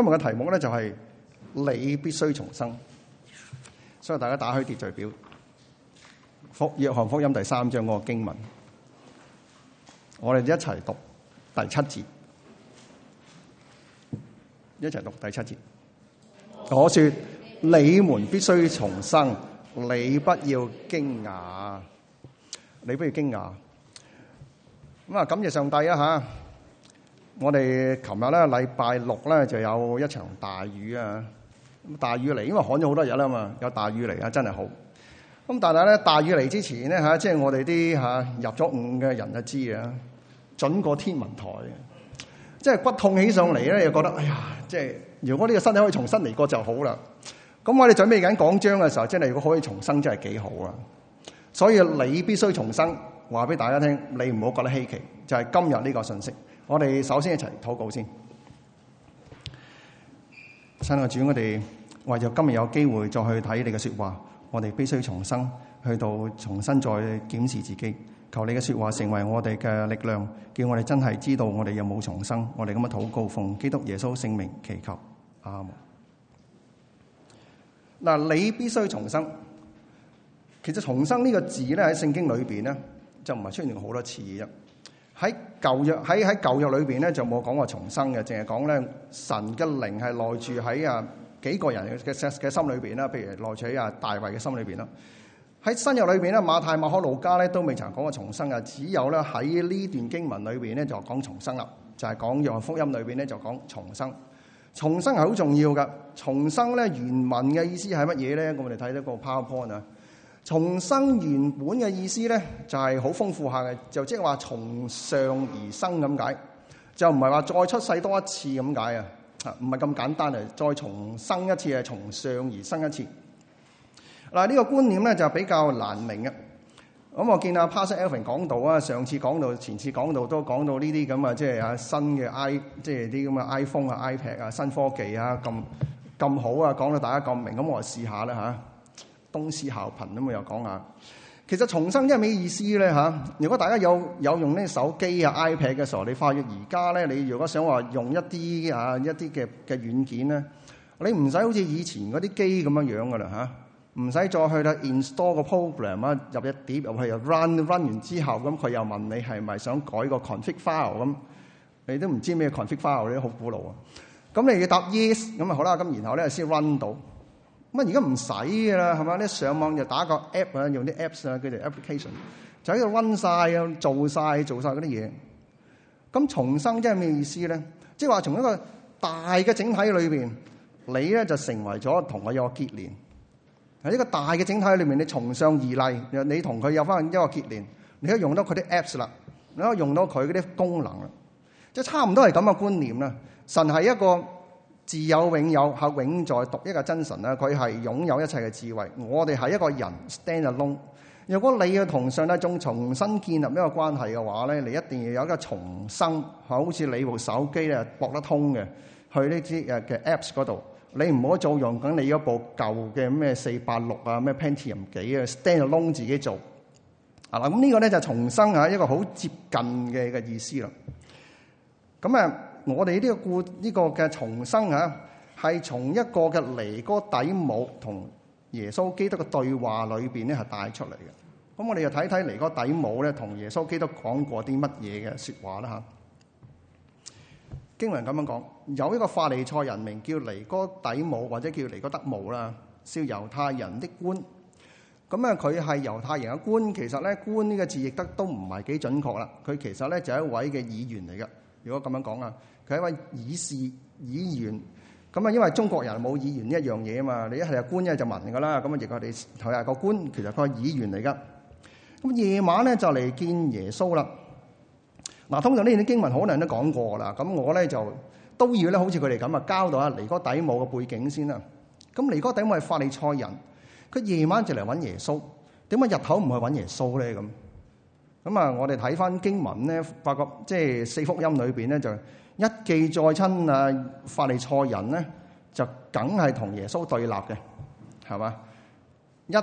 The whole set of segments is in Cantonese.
今日嘅題目咧就係、是、你必須重生，所以大家打開秩序表，約約翰福音第三章嗰個經文，我哋一齊讀第七節，一齊讀第七節。我說你們必須重生，你不要驚訝，你不要驚訝。咁啊，感謝上帝啊吓！我哋琴日咧，禮拜六咧就有一場大雨啊！咁大雨嚟，因為旱咗好多日啦嘛，有大雨嚟啊，真係好。咁但係咧，大雨嚟之前咧嚇，即係我哋啲嚇入咗五嘅人就知啊，準過天文台嘅，即係骨痛起上嚟咧，又覺得哎呀，即係如果呢個身體可以重新嚟過就好啦。咁我哋準備緊講章嘅時候，真係如果可以重生，真係幾好啊！所以你必須重生，話俾大家聽，你唔好覺得稀奇，就係今日呢個信息。我哋首先一齊禱告先，新個主我，我哋為咗今日有機會再去睇你嘅說話，我哋必須重生，去到重新再檢視自己。求你嘅說話成為我哋嘅力量，叫我哋真係知道我哋有冇重生。我哋咁樣禱告，奉基督耶穌聖名祈求，阿門。嗱，你必須重生。其實重生呢個字咧喺聖經裏邊咧，就唔係出現過好多次嘅。喺舊約喺喺舊約裏邊咧就冇講過重生嘅，淨係講咧神嘅靈係內住喺啊幾個人嘅嘅心裏邊啦，譬如內住喺啊大衛嘅心裏邊啦。喺新約裏邊咧，馬太、馬可、路加咧都未曾講過重生嘅，只有咧喺呢段經文裏邊咧就講重生啦，就係講《約翰福音》裏邊咧就講重生。重生係好重要噶，重生咧原文嘅意思係乜嘢咧？我哋睇到個 PowerPoint 啊。重生原本嘅意思咧，就係、是、好豐富下嘅，就即係話從上而生咁解，就唔係話再出世多一次咁解啊，唔係咁簡單嚟，再重生一次係從上而生一次。嗱、這、呢個觀念咧就比較難明啊，咁我見阿 Pastor Alvin 講到啊，上次講到，前次講到都講到呢啲咁啊，即係啊新嘅 i 即係啲咁嘅 iPhone 啊、iPad 啊、新科技啊咁咁好啊，講到大家咁明，咁我嚟試下啦嚇。東施效顰，咁我又講下，其實重生有咩意思咧嚇？如果大家有有用呢手機啊 iPad 嘅時候，你發現而家咧，你如果想話用一啲啊一啲嘅嘅軟件咧，你唔使好似以前嗰啲機咁樣樣噶啦嚇，唔使再去啦 install 個 program 啊，入一碟，入去又 run run 完之後，咁佢又問你係咪想改個 config file 咁，你都唔知咩 config file 咧，好古老啊！咁你要答 yes 咁啊好啦，咁然後咧先 run 到。咁啊，而家唔使噶啦，係嘛？你一上網就打個 app 啊，用啲 apps 啊，佢哋 application 就喺度温晒啊，做晒，做晒嗰啲嘢。咁重生即係咩意思咧？即係話從一個大嘅整體裏面，你咧就成為咗同佢有個結連。喺一個大嘅整體裏面，你從上而嚟，你同佢有翻一個結連。你可以用到佢啲 apps 啦，你可以用到佢嗰啲功能啦，即係差唔多係咁嘅觀念啦。神係一個。自有永有，係永在獨一個真神咧。佢係擁有一切嘅智慧。我哋係一個人 stand alone。如果你要同上帝中重新建立一個關係嘅話咧，你一定要有一個重生，好似你部手機咧駁得通嘅，去呢啲嘅嘅 apps 嗰度。你唔好做用緊你嗰部舊嘅咩四八六啊，咩 Pentium 幾啊，stand alone 自己做。啊嗱，咁呢個咧就重生啊，一個好接近嘅嘅意思啦。咁啊～我哋呢個故呢、這個嘅重生啊，係從一個嘅尼哥底母同耶穌基督嘅對話裏邊咧，係帶出嚟嘅。咁我哋又睇睇尼哥底母咧，同耶穌基督講過啲乜嘢嘅說話啦吓。經文咁樣講，有一個法利賽人，名叫尼哥底母，或者叫尼哥德母啦，笑猶是猶太人的官。咁啊，佢係猶太人嘅官，其實咧官呢個字譯得都唔係幾準確啦。佢其實咧就係、是、一位嘅議員嚟嘅。如果咁樣講啊。佢係一位議事議員咁啊，因為中國人冇議員呢一樣嘢啊嘛。你一係官一就民噶啦。咁啊，而家你頭下個官其實佢係議員嚟噶。咁夜晚咧就嚟見耶穌啦。嗱，通常呢啲經文好多人都講過啦。咁我咧就都要咧，好似佢哋咁啊，交代下尼哥底姆嘅背景先啦。咁尼哥底姆係法利賽人，佢夜晚就嚟揾耶穌，點解日頭唔去揾耶穌咧？咁咁啊，我哋睇翻經文咧，發覺即係四福音裏邊咧就。一記再親啊，法利賽人咧就梗係同耶穌對立嘅，係嘛？一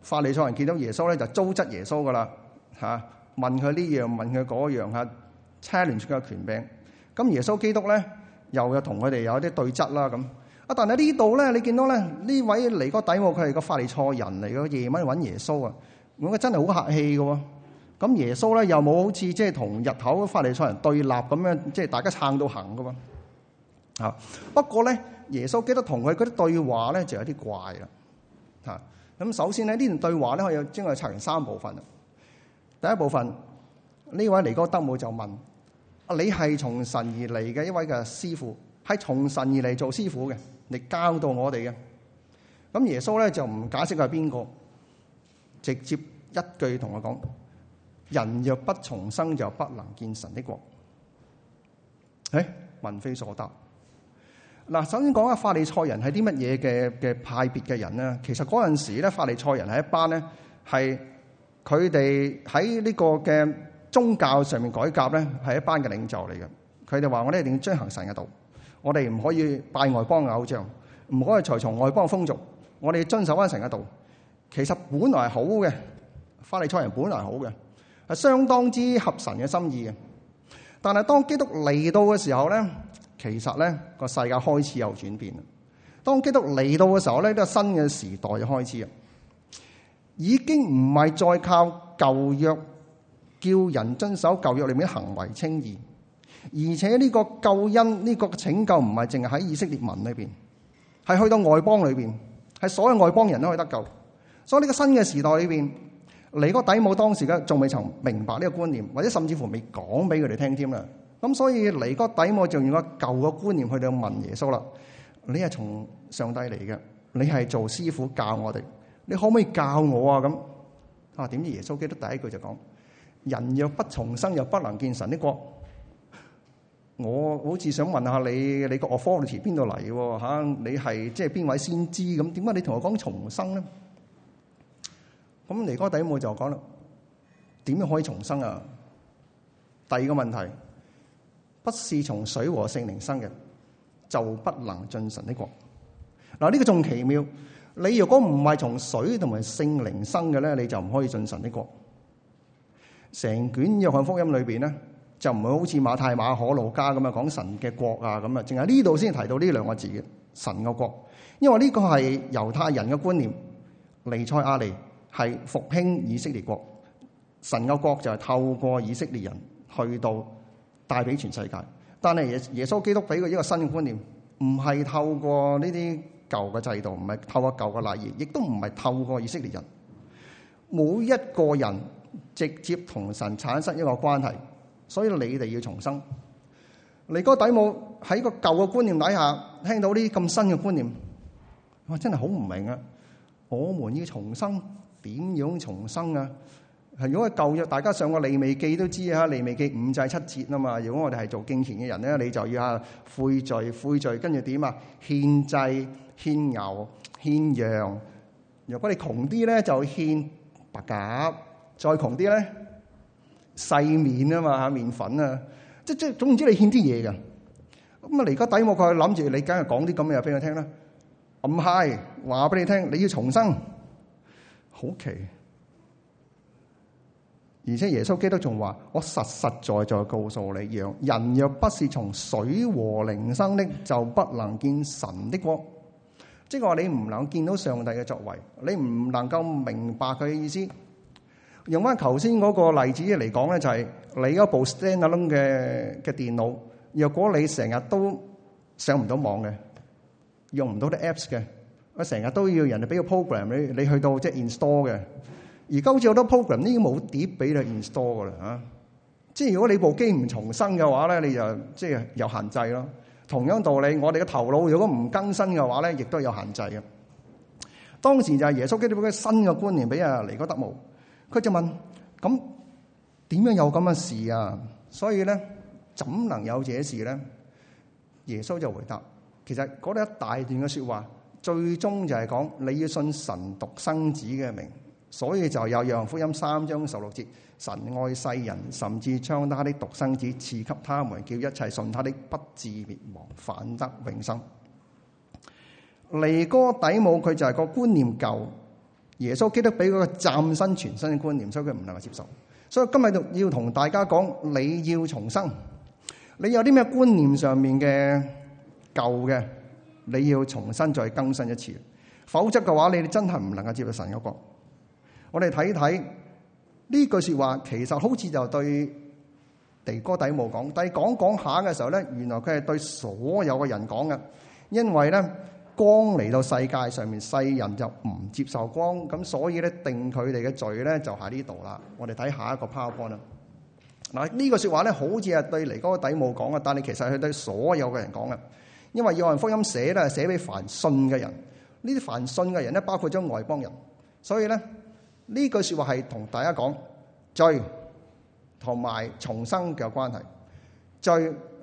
法利賽人見到耶穌咧就糟質耶穌噶啦，嚇問佢呢樣，問佢嗰樣嚇，挑戰佢嘅權柄。咁耶穌基督咧又又同佢哋有啲對質啦咁。啊，但係呢度咧，你見到咧，呢位尼哥底母佢係個法利賽人嚟嘅，夜晚揾耶穌啊，咁佢真係好客氣嘅喎。咁耶穌咧又冇好似即係同日頭嘅法利賽人對立咁樣，即係大家撐到行噶嘛。不過咧，耶穌記得同佢嗰啲對話咧就有啲怪啦嚇。咁首先咧呢段對話咧，我有將佢拆成三部分啊。第一部分呢位尼哥德姆就問：啊，你係從神而嚟嘅一位嘅師傅，係從神而嚟做師傅嘅，你教導我哋嘅。咁耶穌咧就唔解釋佢係邊個，直接一句同我講。人若不重生，就不能見神的國。誒，文非所答嗱，首先講下法利賽人係啲乜嘢嘅嘅派別嘅人咧？其實嗰陣時咧，法利賽人係一班咧，係佢哋喺呢個嘅宗教上面改革咧，係一班嘅領袖嚟嘅。佢哋話：我哋一定要遵行神嘅道，我哋唔可以拜外邦偶像，唔可以隨從外邦嘅風俗，我哋遵守翻神嘅道。其實本來係好嘅，法利賽人本來係好嘅。係相當之合神嘅心意嘅，但係當基督嚟到嘅時候咧，其實咧個世界開始有轉變。當基督嚟到嘅時候咧，呢個新嘅時代就開始啦，已經唔係再靠舊約叫人遵守舊約裏面行為稱義，而且呢個救恩呢個拯救唔係淨係喺以色列民裏邊，係去到外邦裏邊，係所有外邦人都可以得救。所以呢個新嘅時代裏邊。尼哥底母當時嘅仲未曾明白呢個觀念，或者甚至乎未講俾佢哋聽添啦。咁所以尼哥底母就用個舊嘅觀念去度問耶穌啦：你係從上帝嚟嘅，你係做師傅教我哋，你可唔可以教我啊？咁啊點知耶穌基督第一句就講：人若不重生，又不能見神的國。我好似想問下你，你個 Authority 邊度嚟喎？你係即係邊位先知咁？點解你同我講重生咧？咁尼哥底母就講啦，點樣可以重生啊？第二個問題，不是從水和聖靈生嘅，就不能進神的國。嗱，呢個仲奇妙。你若果唔係從水同埋聖靈生嘅咧，你就唔可以進神的國。成卷約翰福音裏邊咧，就唔會好似馬太、馬可、路加咁樣，講神嘅國啊咁啊，淨係呢度先提到呢兩個字嘅神嘅國，因為呢個係猶太人嘅觀念，尼塞阿利。係復興以色列國，神嘅國就係透過以色列人去到帶俾全世界。但係耶耶穌基督俾佢一個新嘅觀念，唔係透過呢啲舊嘅制度，唔係透過舊嘅禮儀，亦都唔係透過以色列人。每一個人直接同神產生一個關係，所以你哋要重生。尼哥底姆喺個舊嘅觀念底下聽到呢啲咁新嘅觀念，哇真係好唔明啊！我們要重生。點樣重生啊？如果係舊約，大家上過利未記都知啊。利未記五祭七節啊嘛。如果我哋係做敬虔嘅人咧，你就要啊悔罪、悔罪，跟住點啊？獻祭、獻牛、獻羊。如果你窮啲咧，就獻白鴿；再窮啲咧，細麵啊嘛，麵粉啊。即即總言之，你獻啲嘢嘅。咁啊，嗯、你而家底冇，佢諗住你，梗係講啲咁嘅嘢俾我聽啦。唔係，話俾你聽，你要重生。好奇，而且耶穌基督仲話：我實實在在告訴你，樣人若不是從水和靈生的，就不能見神的光。即係話你唔能夠見到上帝嘅作為，你唔能夠明白佢嘅意思。用翻頭先嗰個例子嚟講咧，就係你嗰部 standalone 嘅嘅電腦，若果你成日都上唔到網嘅，用唔到啲 apps 嘅。我成日都要人哋俾個 program 你，你去到即係 install 嘅。而家好似好多 program 呢啲冇碟俾你 install 嘅啦吓。即係如果你部機唔重生嘅話咧，你就即係、就是、有限制咯。同樣道理，我哋嘅頭腦如果唔更新嘅話咧，亦都有限制嘅。當時就係耶穌基督教新嘅觀念俾阿尼哥底母，佢就問：咁點樣有咁嘅事啊？所以咧，怎能有這事咧？耶穌就回答：其實講咗一大段嘅說話。最終就係講你要信神獨生子嘅名，所以就有《約翰福音》三章十六節：神愛世人，甚至將他的獨生子賜給他們，叫一切信他的不至滅亡，反得永生。尼哥底母佢就係個觀念舊，耶穌基督俾佢個嶄新全新嘅觀念，所以佢唔能夠接受。所以今日就要同大家講，你要重生，你有啲咩觀念上面嘅舊嘅？你要重新再更新一次，否則嘅話，你真係唔能夠接受神嘅國。我哋睇睇呢句說話，其實好似就對尼哥底母講，但係講講一下嘅時候咧，原來佢係對所有嘅人講嘅，因為咧光嚟，到世界上面，世人就唔接受光，咁所以咧定佢哋嘅罪咧就喺呢度啦。我哋睇下一個 powerpoint 啦。嗱、這、呢個說話咧，好似係對尼哥底母講啊，但係其實係對所有嘅人講嘅。因為《約翰福音》寫咧，寫俾凡信嘅人，呢啲凡信嘅人咧，包括咗外邦人，所以咧呢句說話係同大家講罪同埋重生嘅關係。罪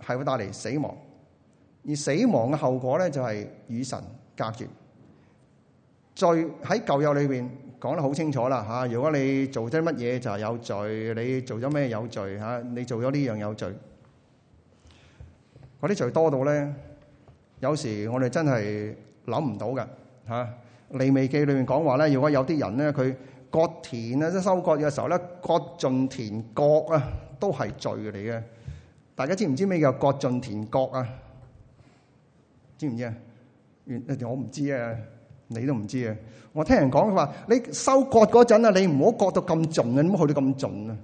係會帶嚟死亡，而死亡嘅後果咧就係與神隔絕。罪喺舊約裏邊講得好清楚啦，吓，如果你做咗乜嘢就係有罪，你做咗咩有罪吓，你做咗呢樣有罪，嗰啲罪多到咧。有時我哋真係諗唔到嘅嚇，啊《利未記》裏面講話咧，如果有啲人咧，佢割田啊，即收割嘅時候咧，割盡田角啊，都係罪嚟嘅。大家知唔知咩叫割盡田角啊？知唔知啊？我唔知啊，你都唔知啊。我聽人講佢話，你收割嗰陣啊，你唔好割到咁盡啊，唔好去到咁盡啊，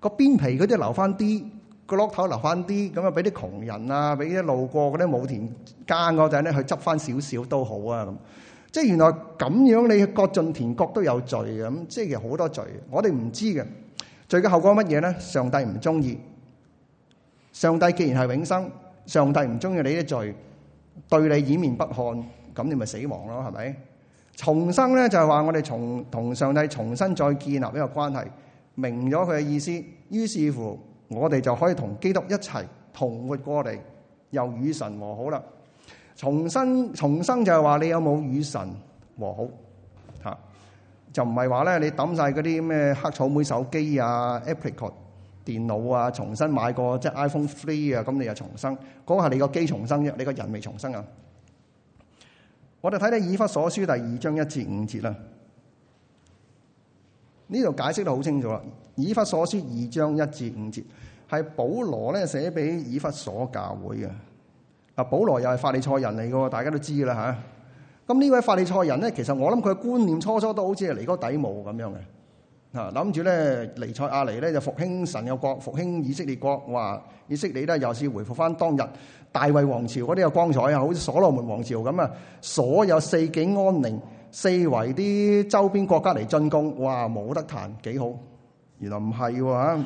個邊皮嗰啲留翻啲。個落頭留翻啲，咁啊俾啲窮人啊，俾啲路過嗰啲冇田耕嗰陣咧，去執翻少少都好啊咁。即係原來咁樣，你各進田，各都有罪咁。即係其實好多罪，我哋唔知嘅罪嘅後果乜嘢咧？上帝唔中意，上帝既然係永生，上帝唔中意你啲罪，對你掩面不看，咁你咪死亡咯，係咪？重生咧就係、是、話我哋從同上帝重新再建立一個關係，明咗佢嘅意思，於是乎。我哋就可以同基督一齊同活過嚟，又與神和好啦。重生重生就係話你有冇與神和好吓，啊，就唔係話咧你抌晒嗰啲咩黑草莓手機啊，Apple 電腦啊，重新買過即係 iPhone Three 啊，咁你又重生，嗰，嗰個係你個機重生啫，你個人未重生啊。我哋睇睇以弗所書第二章一至五節啦，呢度解釋得好清楚啦。以弗所書二章一至五節係保羅咧寫俾以弗所教會嘅嗱。保羅又係法利賽人嚟嘅，大家都知道啦吓。咁呢位法利賽人咧，其實我諗佢嘅觀念初初都好似係尼哥底母咁樣嘅啊，諗住咧尼賽亞尼咧就復興神嘅國，復興以色列國。話以色列咧又是回復翻當日大衛王朝嗰啲嘅光彩啊，好似所羅門王朝咁啊。所有四境安寧，四圍啲周邊國家嚟進攻，哇，冇得彈，幾好。原來唔係喎，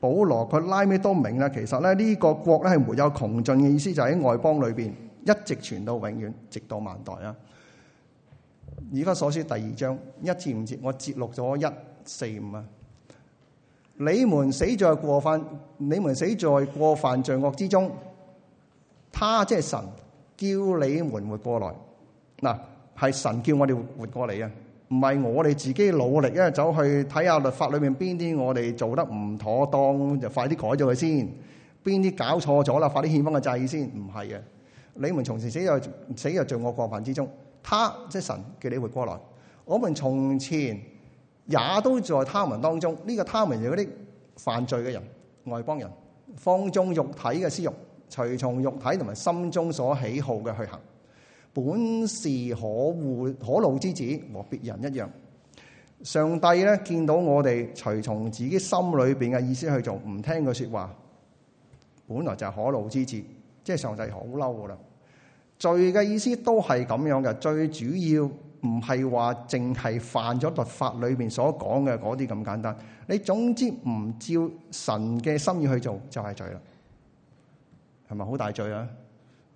保羅佢拉咩都明啦。其實咧，呢個國咧係沒有窮盡嘅意思，就喺、是、外邦裏面一直傳到永遠，直到萬代啊！而家所說第二章一至五節我節錄咗一四五啊。你們死在過犯，你們死在過犯罪惡之中。他即係神叫你們活過來，嗱係神叫我哋活過嚟啊！唔係我哋自己努力，因為走去睇下律法裏面邊啲我哋做得唔妥當，就快啲改咗佢先；邊啲搞錯咗啦，快啲獻翻個祭先。唔係嘅，你們從前死在死在罪惡過犯之中，他即係神叫你活過來，我們從前也都在他們當中。呢、這個他們就嗰啲犯罪嘅人、外邦人、放縱肉體嘅私欲、隨從肉體同埋心中所喜好嘅去行。本是可惡可怒之子，和別人一樣，上帝咧見到我哋隨從自己心裏邊嘅意思去做，唔聽佢說話，本來就係可怒之子，即係上帝好嬲噶啦。罪嘅意思都係咁樣嘅，最主要唔係話淨係犯咗律法裏面所講嘅嗰啲咁簡單。你總之唔照神嘅心意去做，就係、是、罪啦，係咪好大罪啊？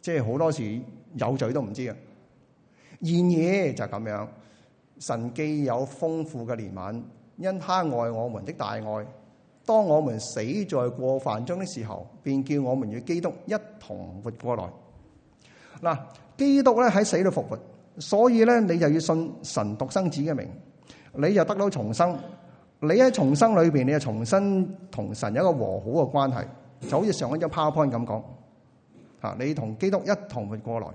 即係好多時。有罪都唔知啊！然而就咁樣，神既有豐富嘅憐憫，因他愛我們的大愛。當我們死在過犯中的時候，便叫我們與基督一同活過來。嗱，基督咧喺死裏復活，所以咧你就要信神獨生子嘅名，你就得到重生。你喺重生裏邊，你就重新同神有一個和好嘅關係，就好似上一張 PowerPoint 咁講吓，你同基督一同活過來。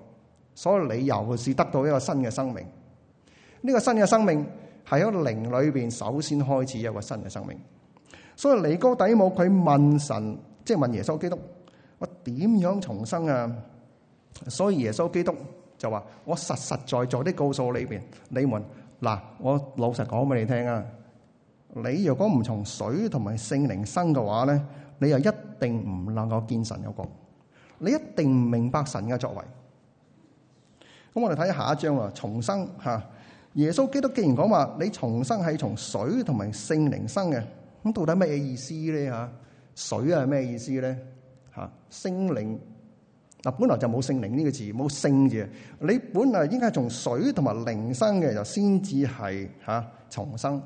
所有理由是得到一個新嘅生命，呢、這個新嘅生命係喺靈裏邊首先開始一個新嘅生命。所以尼哥底母佢問神，即、就、係、是、問耶穌基督，我點樣重生啊？所以耶穌基督就話：我實實在在的告訴你邊你們，嗱，我老實講俾你聽啊！你若果唔從水同埋聖靈生嘅話咧，你又一定唔能夠見神嘅國，你一定唔明白神嘅作為。咁我哋睇下一章啊，重生吓。耶穌基督既然講話你重生係從水同埋聖靈生嘅，咁到底咩意思咧？吓，水係咩意思咧？吓，聖靈嗱本來就冇聖靈呢個字冇聖字，你本來應該係從水同埋靈生嘅，就先至係吓重生。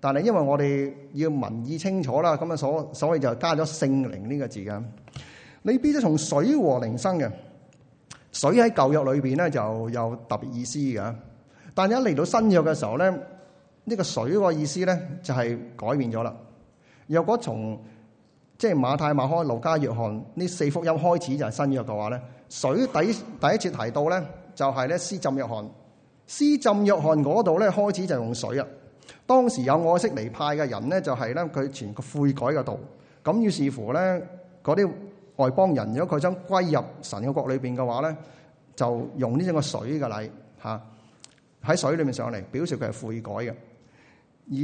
但係因為我哋要文意清楚啦，咁啊所所以就加咗聖靈呢個字㗎。你必須從水和靈生嘅。水喺舊約裏邊咧就有特別意思嘅，但係一嚟到新約嘅時候咧，呢，呢個水個意思咧就係改變咗啦。若果從即係馬太、馬可、路加、約翰呢四福音開始就係新約嘅話咧，水第第一次提到咧就係咧施浸約翰，施浸約翰嗰度咧開始就用水啊。當時有愛色尼派嘅人咧就係咧佢傳個悔改嘅道，咁於是乎咧嗰啲。外邦人，如果佢將歸入神嘅國裏邊嘅話咧，就用呢種個水嘅禮吓，喺水裏面上嚟，表示佢係悔改嘅。而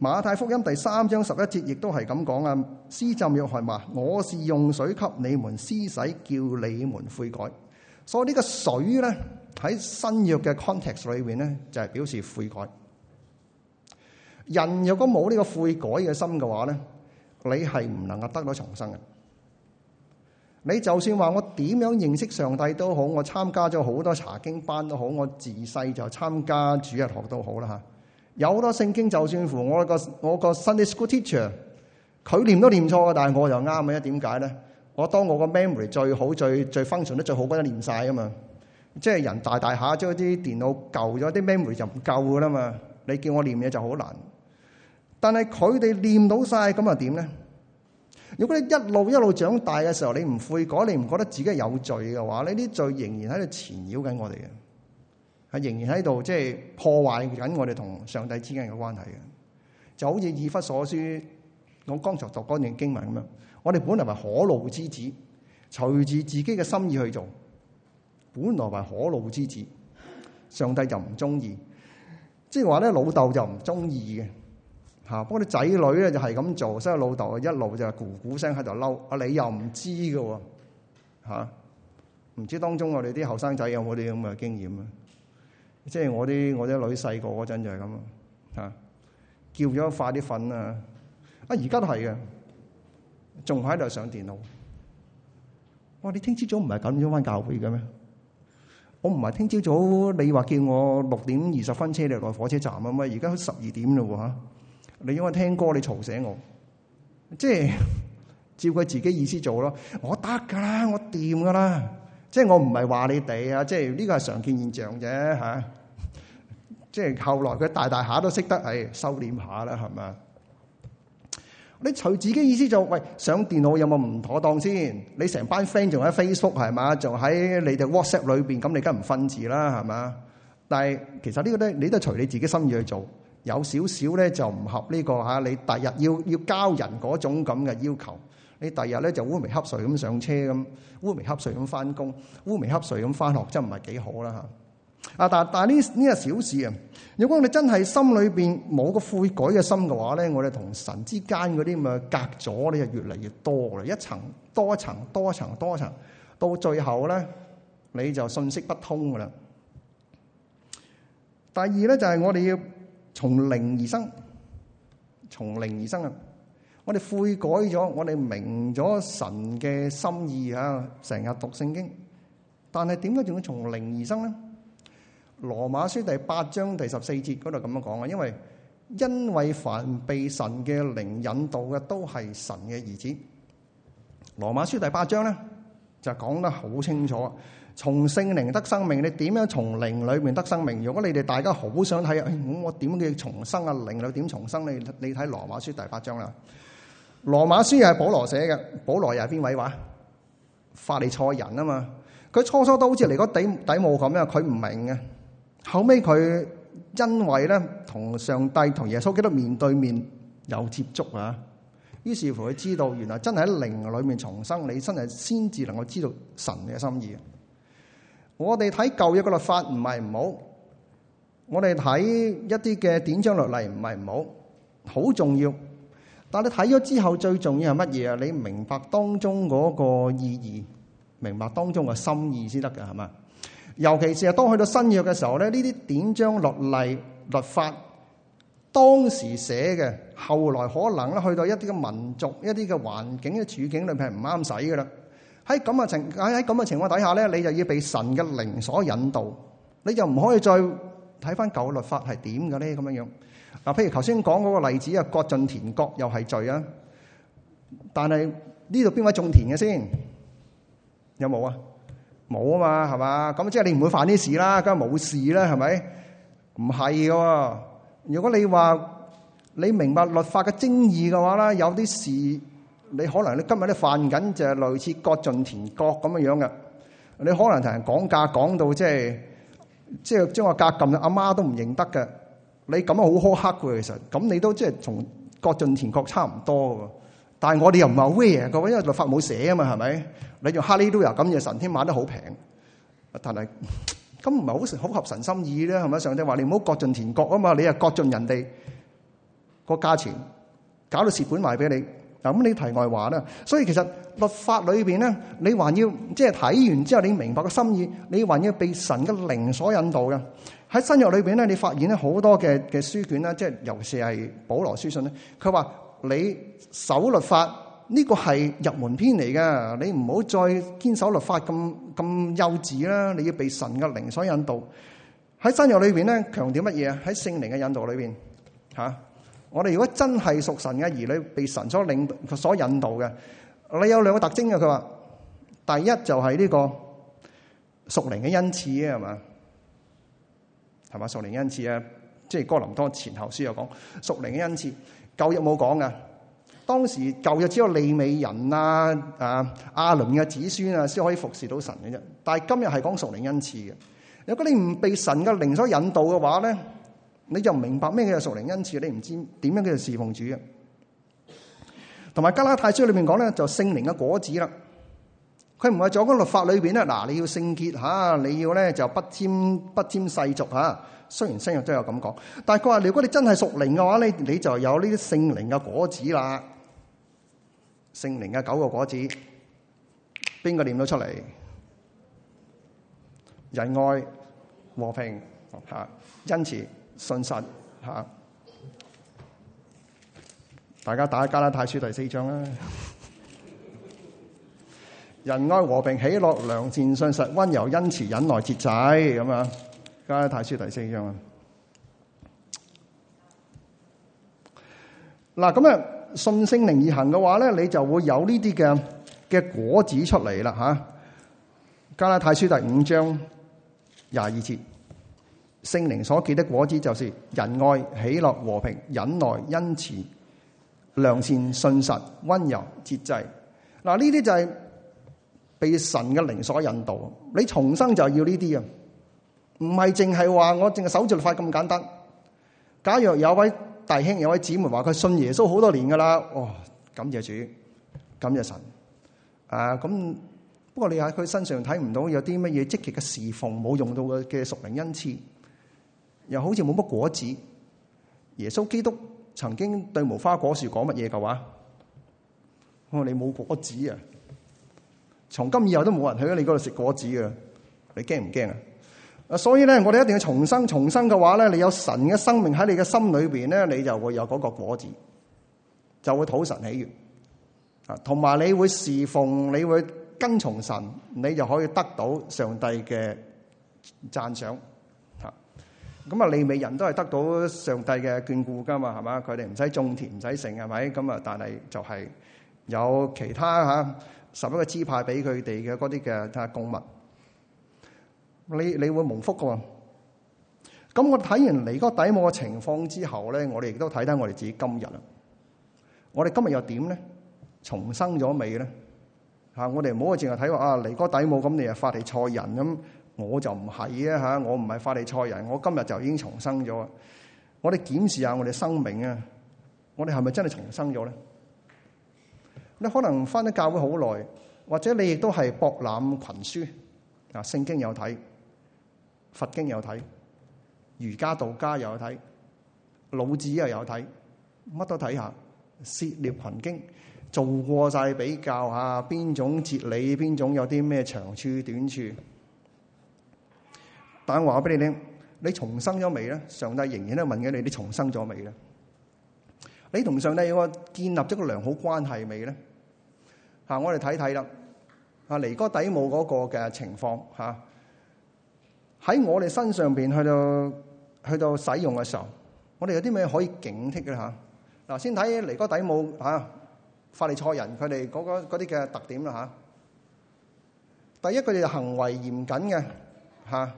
馬太福音第三章十一節亦都係咁講啊。施浸約翰話：我是用水給你們施洗，叫你們悔改。所以呢個水咧喺新約嘅 context 裏邊咧，就係表示悔改。人如果冇呢個悔改嘅心嘅話咧，你係唔能夠得到重生嘅。你就算話我點樣認識上帝都好，我參加咗好多查經班都好，我自細就參加主日學都好啦嚇。有好多聖經，就算乎我個我個 Sunday School teacher，佢念都念錯嘅，但係我又啱嘅，點解咧？我當我個 memory 最好、最最 function 得最好嗰陣念晒啊嘛。即係人大大下將啲電腦舊咗，啲 memory 就唔夠噶啦嘛。你叫我念嘢就好難。但係佢哋念到晒咁又點咧？如果你一路一路長大嘅時候，你唔悔改，你唔覺得自己係有罪嘅話，呢啲罪仍然喺度纏繞緊我哋嘅，係仍然喺度即係破壞緊我哋同上帝之間嘅關係嘅，就好似以弗所書我剛才讀嗰段經文咁樣，我哋本來係可怒之子，隨住自己嘅心意去做，本來係可怒之子，上帝就唔中意，即係話咧，老豆就唔中意嘅。吓，不過啲仔女咧就係咁做，所以老豆一路就係咕咕聲喺度嬲。你又唔知噶，吓，唔知當中我哋啲後生仔有冇啲咁嘅經驗啊？即係我啲我啲女細個嗰陣就係咁啊，叫咗快啲瞓啊！啊，而家都係嘅，仲喺度上電腦。我話你聽朝早唔係咁早返教會嘅咩？我唔係聽朝早你話叫我六點二十分車嚟落火車站啊嘛？而家十二點嘞喎吓。你應該聽歌你嘈醒我，即係照佢自己意思做咯。我得噶啦，我掂噶啦。即係我唔係話你哋啊，即係呢個係常見現象啫吓、啊。即係後來佢大大下都識得，係、哎、收斂下啦，係嘛？你隨自己意思做，喂，上電腦有冇唔妥當先？你成班 friend 仲喺 Facebook 係嘛？仲喺你哋 WhatsApp 裏邊，咁你梗唔瞓字啦，係嘛？但係其實呢個都你都隨你自己心意去做。有少少咧，就唔合呢個嚇。你第日要要交人嗰種咁嘅要求，你第日咧就烏眉瞌睡咁上車，咁烏眉瞌睡咁翻工，烏眉瞌睡咁翻學，真唔係幾好啦嚇。啊，但但呢呢個小事啊。如果你真係心裏邊冇個悔改嘅心嘅話咧，我哋同神之間嗰啲咁嘅隔咗，你就越嚟越多嘅，一層多一層多一層多一層多層，到最後咧你就信息不通噶啦。第二咧就係我哋要。從靈而生，從靈而生啊！我哋悔改咗，我哋明咗神嘅心意啊！成日讀聖經，但係點解仲要從靈而生咧？羅馬書第八章第十四節嗰度咁樣講啊，因為因為凡被神嘅靈引導嘅，都係神嘅兒子。羅馬書第八章咧就講得好清楚。從聖靈得生命，你點樣從靈裏面得生命？如果你哋大家好想睇，咁、哎、我點叫重生啊？靈裏點重生？你你睇羅馬書第八章啦。羅馬書又係保羅寫嘅，保羅又係邊位話？法利賽人啊嘛，佢初初都好似嚟個尼哥底母咁樣，佢唔明啊，後尾佢因為咧同上帝同耶穌基督面對面有接觸啊，於是乎佢知道原來真係喺靈裏面重生，你真係先至能夠知道神嘅心意。我哋睇舊約嘅律法唔係唔好，我哋睇一啲嘅典章律例唔係唔好，好重要。但係你睇咗之後，最重要係乜嘢啊？你明白當中嗰個意義，明白當中嘅心意先得㗎，係嘛？尤其是係，當去到新約嘅時候咧，呢啲典章律例、律法，當時寫嘅，後來可能咧去到一啲嘅民族、一啲嘅環境、嘅處境裏面係唔啱使噶啦。喺咁嘅情喺喺咁嘅情況底下咧，你就要被神嘅靈所引導，你就唔可以再睇翻舊律法係點嘅咧咁樣樣。嗱，譬如頭先講嗰個例子啊，割盡田角又係罪啊。但係呢度邊位種田嘅先？有冇啊？冇啊嘛，係嘛？咁即係你唔會犯啲事啦，梗係冇事啦，係咪？唔係嘅。如果你話你明白律法嘅精義嘅話咧，有啲事。你可能你今日咧犯緊就係類似割盡田角咁樣樣嘅，你可能同人講價講到即係即係將個價撳，阿媽,媽都唔認得嘅。你咁樣好苛刻嘅，其實咁你都即係同割盡田角差唔多嘅。但係我哋又唔係 aware 嘅喎，因為律法冇寫啊嘛，係咪？你用哈利路亞咁嘅神，添買得好平。但係咁唔係好合神心意咧，係咪？上帝話你唔好割盡田角啊嘛，你啊割盡人哋個價錢，搞到蝕本賣俾你。嗱，咁你題外話啦，所以其實律法裏面咧，你還要即係睇完之後，你明白個心意，你還要被神嘅靈所引導嘅。喺新約裏面咧，你發現咧好多嘅嘅書卷啦，即係尤其是係保羅書信咧，佢話你守律法呢個係入門篇嚟嘅，你唔好再堅守律法咁咁幼稚啦，你要被神嘅靈所引導。喺新約裏面咧，強調乜嘢啊？喺聖靈嘅引導裏面，嚇。我哋如果真係屬神嘅兒女，被神所領、所引導嘅，你有兩個特徵嘅。佢話：第一就係呢個屬靈嘅恩賜啊，係嘛？係嘛？屬靈恩賜啊，即係哥林多前後書有講屬靈嘅恩賜。舊約冇講㗎。當時舊約只有利未人啊、啊亞倫嘅子孫啊，先可以服侍到神嘅啫。但係今日係講屬靈恩賜嘅。如果你唔被神嘅靈所引導嘅話咧？你就唔明白咩叫做屬靈恩賜，你唔知點樣叫做侍奉主。同埋加拉太書裏面講咧，就是、聖靈嘅果子啦。佢唔係左嗰個律法裏邊咧，嗱，你要聖潔吓，你要咧就不沾不沾世俗吓。雖然新約都有咁講，但係佢話如果你真係屬靈嘅話咧，你就有呢啲聖靈嘅果子啦。聖靈嘅九個果子，邊個念到出嚟？仁愛、和平吓，因此。信實吓，大家打《加拉太書》第四章啦。仁愛、和平、喜樂、良善、信實、温柔、恩慈、忍耐、節制咁樣，《加拉太書》第四章啊。嗱，咁啊，信聖靈而行嘅話咧，你就會有呢啲嘅嘅果子出嚟啦，吓、啊。《加拉太書》第五章廿二節。聖靈所結的果子就是仁愛、喜樂、和平、忍耐、恩慈、良善、信實、溫柔、節制。嗱，呢啲就係被神嘅靈所引導。你重生就要呢啲啊，唔係淨係話我淨係守著律法咁簡單。假若有位弟兄，有位姊妹話佢信耶穌好多年噶啦，哦，感謝主，感謝神啊！咁不過你喺佢身上睇唔到有啲乜嘢積極嘅侍奉冇用到嘅嘅屬靈恩賜。又好似冇乜果子。耶穌基督曾經對無花果樹講乜嘢嘅話？哦，你冇果子啊！從今以後都冇人去你嗰度食果子呀。你驚唔驚啊？所以咧，我哋一定要重生，重生嘅話咧，你有神嘅生命喺你嘅心裏邊咧，你就會有嗰個果子，就會討神喜悦。啊，同埋你會侍奉，你會跟從神，你就可以得到上帝嘅讚賞。咁啊，利未人都係得到上帝嘅眷顧噶嘛，係嘛？佢哋唔使種田，唔使成，係咪？咁啊，但係就係有其他吓、啊，十一個支派俾佢哋嘅嗰啲嘅，睇下貢物。你你會蒙福噶？咁我睇完尼哥底母嘅情況之後咧，我哋亦都睇睇我哋自己今日啊。我哋今日又點咧？重生咗未咧？吓，我哋唔好淨係睇話啊，尼哥底母咁，你啊法利賽人咁。我就唔係啊！嚇，我唔係法利賽人，我今日就已經重生咗。我哋檢視下我哋生命啊！我哋係咪真係重生咗咧？你可能翻咗教會好耐，或者你亦都係博覽群書啊，聖經有睇，佛經有睇，儒家道家又有睇，老子又有睇，乜都睇下，涉獵群經，做過晒比較下，邊種哲理，邊種有啲咩長處短處。但話俾你聽，你重生咗未咧？上帝仍然都問緊你：你重生咗未咧？你同上帝有冇建立咗個良好關係未咧？吓，我哋睇睇啦。阿尼哥底母嗰個嘅情況吓，喺我哋身上邊去到去到使用嘅時候，我哋有啲咩可以警惕嘅吓？嗱，先睇尼哥底母，吓，法利賽人佢哋嗰個啲嘅特點啦吓。第一，佢哋行為嚴謹嘅吓。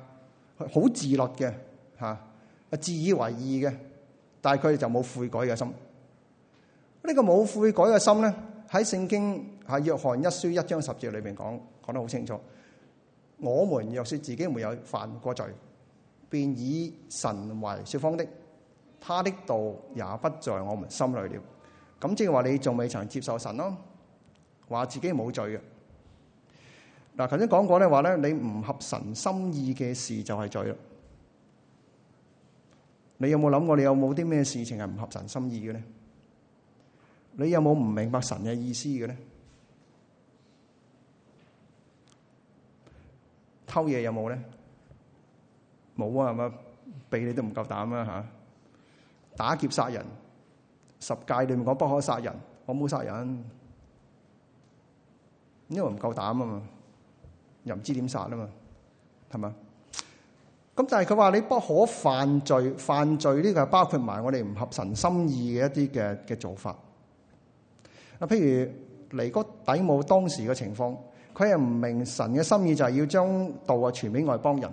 好自律嘅，吓，自以為義嘅，但係佢哋就冇悔改嘅心。呢、這個冇悔改嘅心咧，喺聖經喺約翰一書一章十節裏邊講講得好清楚。我們若說自己沒有犯過罪，便以神為說謊的，他的道也不在我們心裏了。咁即係話你仲未曾接受神咯，話自己冇罪嘅。嗱，頭先講過咧話咧，你唔合神心意嘅事就係罪啦。你有冇諗過？你有冇啲咩事情係唔合神心意嘅咧？你有冇唔明白神嘅意思嘅咧？偷嘢有冇咧？冇啊，係咪？俾你都唔夠膽啊。嚇、啊！打劫殺人，十戒裏面講不可殺人，我冇殺人，因為唔夠膽啊嘛。又唔知點殺啦嘛，係嘛？咁但係佢話你不可犯罪，犯罪呢個係包括埋我哋唔合神心意嘅一啲嘅嘅做法。嗱，譬如尼哥底母當時嘅情況，佢又唔明神嘅心意，就係要將道啊傳俾外邦人。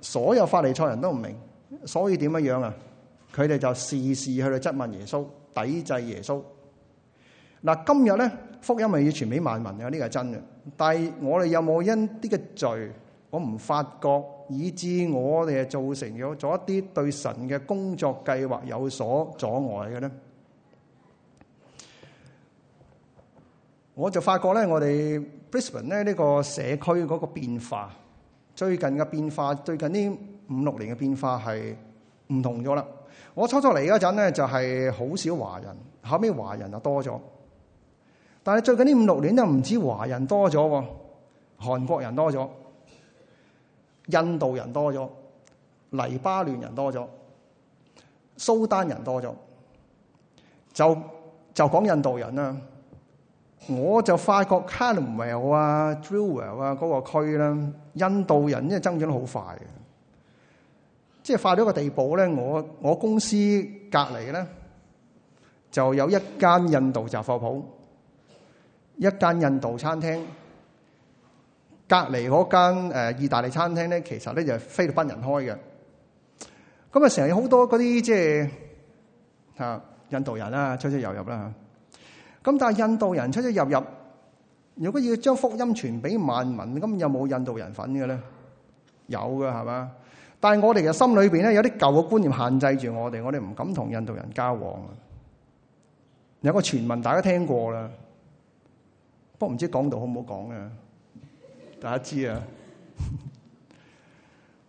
所有法利賽人都唔明，所以點樣樣啊？佢哋就事事去質問耶穌，抵制耶穌。嗱，今日咧福音咪要傳俾萬民嘅，呢個係真嘅。但係我哋有冇因啲嘅罪，我唔發覺，以致我哋造成咗做一啲對神嘅工作計劃有所阻礙嘅咧？我就發覺咧，我哋 Brisbane 咧呢個社區嗰個變化，最近嘅變化，最近呢五六年嘅變化係唔同咗啦。我初初嚟嗰陣咧就係好少華人，後尾華人就多咗。但係最近呢五六年都唔止華人多咗，韓國人多咗，印度人多咗，黎巴嫩人多咗，蘇丹人多咗。就就講印度人啦，我就發覺 Calumwell 啊、Drewell 啊嗰個區咧，印度人因為增長得好快嘅，即係快到一個地步咧。我我公司隔離咧就有一間印度雜貨鋪。一間印度餐廳，隔離嗰間誒意大利餐廳咧，其實咧就係菲律賓人開嘅。咁啊，成日有好多嗰啲即係嚇印度人啦，出出入入啦。咁但係印度人出出入入，如果要將福音傳俾萬民，咁有冇印度人份嘅咧？有㗎係嘛？但係我哋嘅心裏邊咧有啲舊嘅觀念限制住我哋，我哋唔敢同印度人交往。有個傳聞，大家聽過啦。我唔知道講到好唔好講啊大家知啊？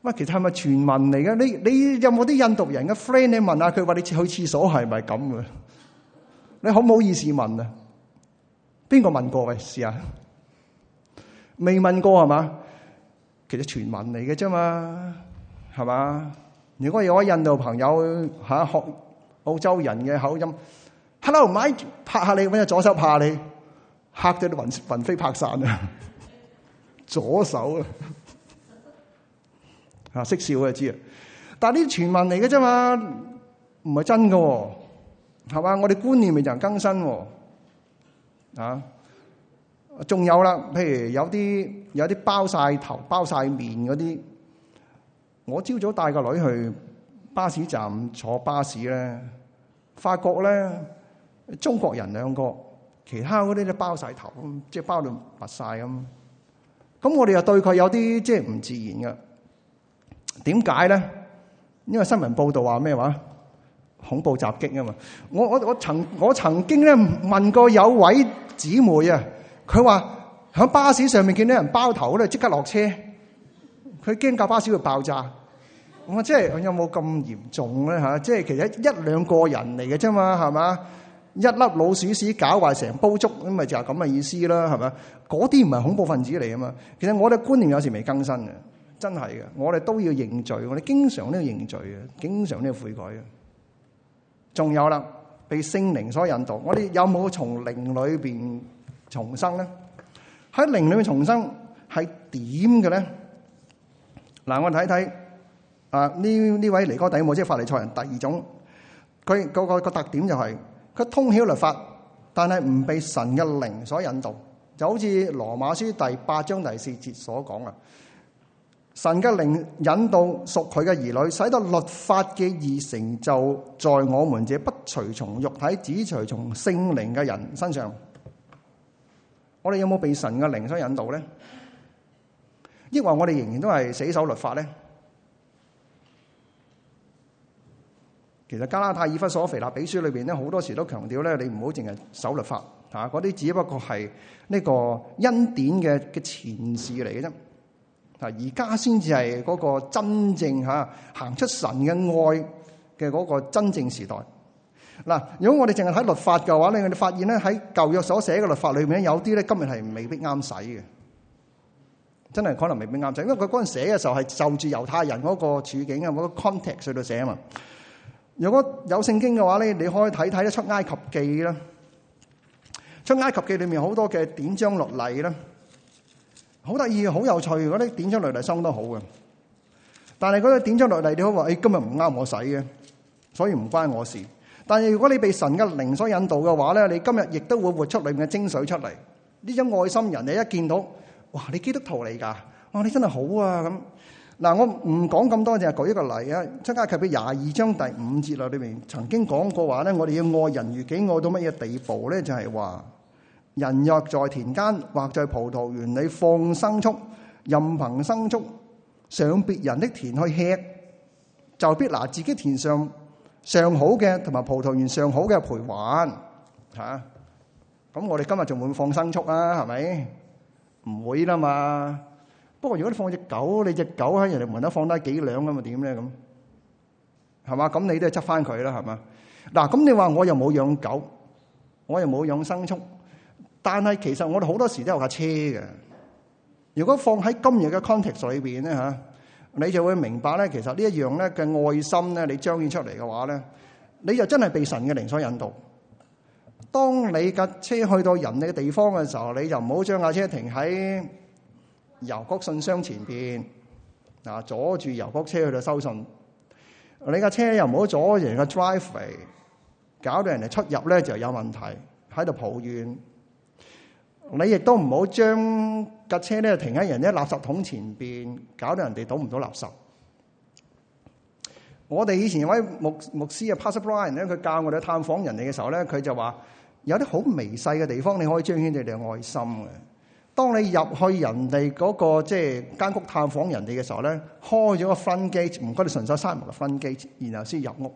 喂，其實係咪傳聞嚟嘅？你你有冇啲印度人嘅 friend？你問下佢，話你去廁所係咪咁嘅？你好唔好意思問啊？邊個問過喂？試下？未問過係嘛？其實傳聞嚟嘅啫嘛，係嘛？如果有位印度朋友吓、啊、學澳洲人嘅口音，hello，my 拍下你，搵隻左手拍下你。吓到你魂魂飛魄散啊！左手啊，啊識笑啊知啊，但係呢啲傳聞嚟嘅啫嘛，唔係真嘅，哦，係嘛？我哋觀念咪就係更新喎，哦，啊！仲有啦，譬如有啲有啲包晒頭包晒面嗰啲，我朝早帶個女去巴士站坐巴士咧，發覺咧中國人兩個。其他嗰啲咧包晒頭，即係包到密晒。咁。咁我哋又對佢有啲即係唔自然嘅。點解咧？因為新聞報道話咩話？恐怖襲擊啊嘛！我我我曾我曾經咧問過有位姊妹啊，佢話喺巴士上面見到人包頭咧，即刻落車。佢驚架巴士會爆炸。我即係有冇咁嚴重咧嚇？即係其實一兩個人嚟嘅啫嘛，係嘛？一粒老鼠屎搞壞成煲粥，咁咪就係咁嘅意思啦，係咪？嗰啲唔係恐怖分子嚟啊嘛！其實我哋觀念有時未更新嘅，真係嘅，我哋都要認罪，我哋經常都要認罪嘅，經常都要悔改嘅。仲有啦，被聖靈所引導，我哋有冇從靈裏邊重生咧？喺靈裏面重生係點嘅咧？嗱，我睇睇啊，呢呢位尼哥底母即係法利賽人，第二種佢嗰個個，個特點就係、是。佢通曉律法，但係唔被神嘅靈所引導，就好似羅馬書第八章第四節所講啊！神嘅靈引導屬佢嘅兒女，使得律法嘅義成就在我們這不隨從肉體只隨從聖靈嘅人身上。我哋有冇被神嘅靈所引導呢？抑或我哋仍然都係死守律法呢？其實加拉太以弗所腓立比書裏邊咧，好多時都強調咧，你唔好淨係守律法，嚇嗰啲只不過係呢個恩典嘅嘅前事嚟嘅啫。啊，而家先至係嗰個真正嚇行出神嘅愛嘅嗰個真正時代。嗱，如果我哋淨係喺律法嘅話咧，我哋發現咧喺舊約所寫嘅律法裏面咧，有啲咧今日係未必啱使嘅。真係可能未必啱使，因為佢嗰陣寫嘅時候係就住猶太人嗰個處境啊，嗰個 context 去度寫啊嘛。如果有聖經嘅話咧，你可以睇睇咧出埃及記啦，出埃及記裏面好多嘅典章律例啦，好得意、好有趣。嗰啲典章律例生得好嘅，但係嗰啲典章律例你可以話：誒今日唔啱我使嘅，所以唔關我事。但係如果你被神嘅靈所引導嘅話咧，你今日亦都會活出裏面嘅精髓出嚟。呢種愛心人，你一見到，哇！你基督徒嚟㗎，哇！你真係好啊咁。嗱，我唔講咁多，就係舉一個例啊。出埃及記嘅廿二章第五節內裏面曾經講過話咧，我哋要愛人如己，愛到乜嘢地步咧？就係、是、話人若在田間或在葡萄園裏放牲畜，任憑牲畜上別人的田去吃，就必拿自己田上上好嘅，同埋葡萄園上好嘅賠還吓。咁、啊、我哋今日仲會放牲畜啊？係咪唔會啦嘛？不過如果你放隻狗，你隻狗喺人哋門度放低幾兩咁啊？點咧咁？係嘛？咁你都係執翻佢啦，係嘛？嗱，咁你話我又冇養狗，我又冇養牲畜，但係其實我哋好多時都有架車嘅。如果放喺今日嘅 context 裏邊咧吓，你就會明白咧，其實呢一樣咧嘅愛心咧，你彰顯出嚟嘅話咧，你就真係被神嘅靈所引導。當你架車去到人哋嘅地方嘅時候，你就唔好將架車停喺郵局信箱前邊啊，阻住郵局車去到收信。你架車又唔好阻住人嘅 driveway 搞到人哋出入咧就有問題，喺度抱怨。你亦都唔好將架車咧停喺人哋垃圾桶前邊，搞到人哋倒唔到垃圾。我哋以前的一位牧牧師啊 Pastor Brian 咧，佢教我哋探訪人哋嘅時候咧，佢就話：有啲好微細嘅地方，你可以彰顯你哋嘅愛心嘅。當你入去人哋嗰個即係間屋探訪人哋嘅時候咧，開咗個分機，唔該你順手閂埋個分機，然後先入屋。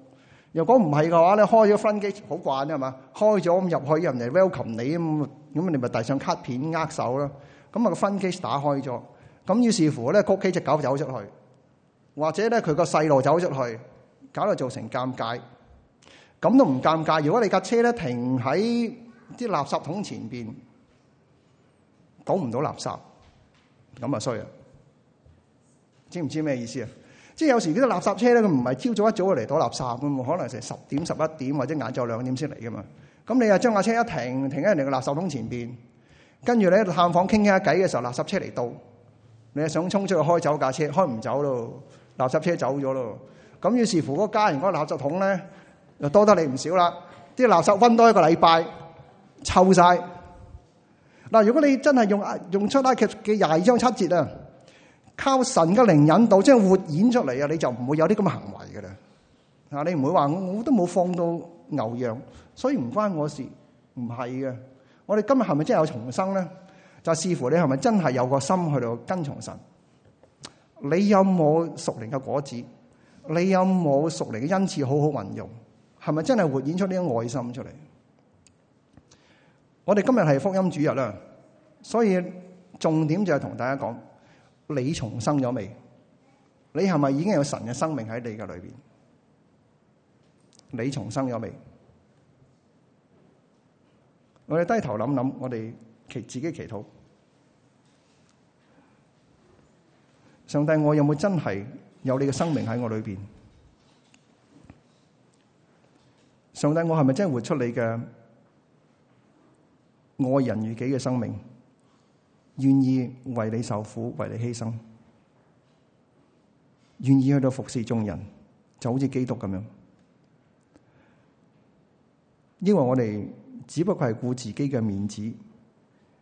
如果唔係嘅話咧，開咗個分機好慣啊係嘛，開咗咁入去人哋 welcome 你咁，咁你咪遞上卡片握手咯。咁啊個分機打開咗，咁於是乎咧，屋企隻狗走出去，或者咧佢個細路走出去，搞到造成尷尬。咁都唔尷尬。如果你架車咧停喺啲垃圾桶前邊。倒唔到垃圾，咁啊衰啊！知唔知咩意思啊？即係有時啲垃圾車咧，佢唔係朝早一早就嚟倒垃圾噶嘛，可能成十點、十一點或者晏晝兩點先嚟噶嘛。咁你啊將架車一停，停喺人哋嘅垃圾桶前邊，跟住你喺度探訪傾傾下偈嘅時候，垃圾車嚟到，你啊想衝出去開走架車，開唔走咯，垃圾車走咗咯。咁於是乎，嗰家人嗰垃圾桶咧又多得你唔少啦。啲垃圾溫多一個禮拜，臭晒。嗱，如果你真係用用出埃及嘅廿二章七節啊，靠神嘅靈引導，即係活演出嚟啊，你就唔會有啲咁嘅行為噶啦。你唔會話我都冇放到牛羊，所以唔關我事，唔係嘅。我哋今日係咪真係有重生咧？就視乎你係咪真係有個心去到跟從神。你有冇屬靈嘅果子？你有冇屬靈嘅恩賜？好好運用，係咪真係活演出呢個愛心出嚟？我哋今日係福音主日啦，所以重點就係同大家講：你重生咗未？你係咪已經有神嘅生命喺你嘅裏邊？你重生咗未？我哋低頭諗諗，我哋祈自己祈禱。上帝，我有冇真係有你嘅生命喺我裏邊？上帝，我係咪真係活出你嘅？愛人如己嘅生命，願意為你受苦、為你犧牲，願意去到服侍眾人，就好似基督咁樣。因為我哋只不過係顧自己嘅面子，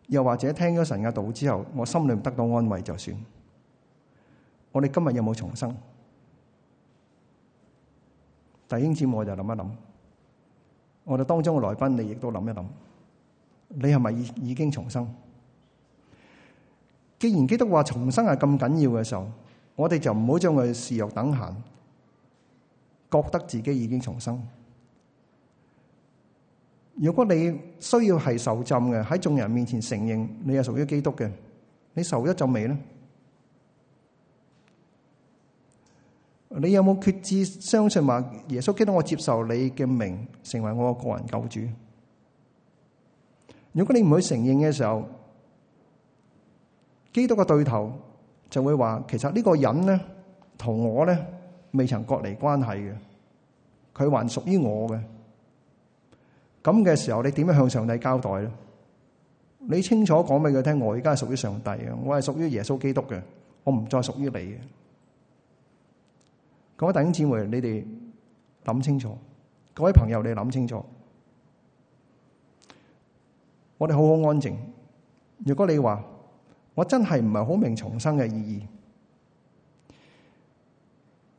又或者聽咗神嘅道之後，我心裏不得到安慰就算。我哋今日有冇重生？弟兄姊妹，我就諗一諗。我哋當中嘅來賓，你亦都諗一諗。你係咪已已經重生？既然基督話重生係咁緊要嘅時候，我哋就唔好將佢視若等閒，覺得自己已經重生。如果你需要係受浸嘅，喺眾人面前承認你係屬於基督嘅，你受咗浸未呢？你有冇決志相信話耶穌基督？我接受你嘅名，成為我個個人救主。如果你唔去承認嘅時候，基督嘅對頭就會話，其實呢個人咧同我咧未曾割離關係嘅，佢還屬於我嘅。咁嘅時候，你點樣向上帝交代咧？你清楚講俾佢聽，我而家係屬於上帝嘅，我係屬於耶穌基督嘅，我唔再屬於你嘅。各位弟兄姊妹，你哋諗清楚，各位朋友，你諗清楚。我哋好好安靜。如果你話我真係唔係好明重生嘅意義，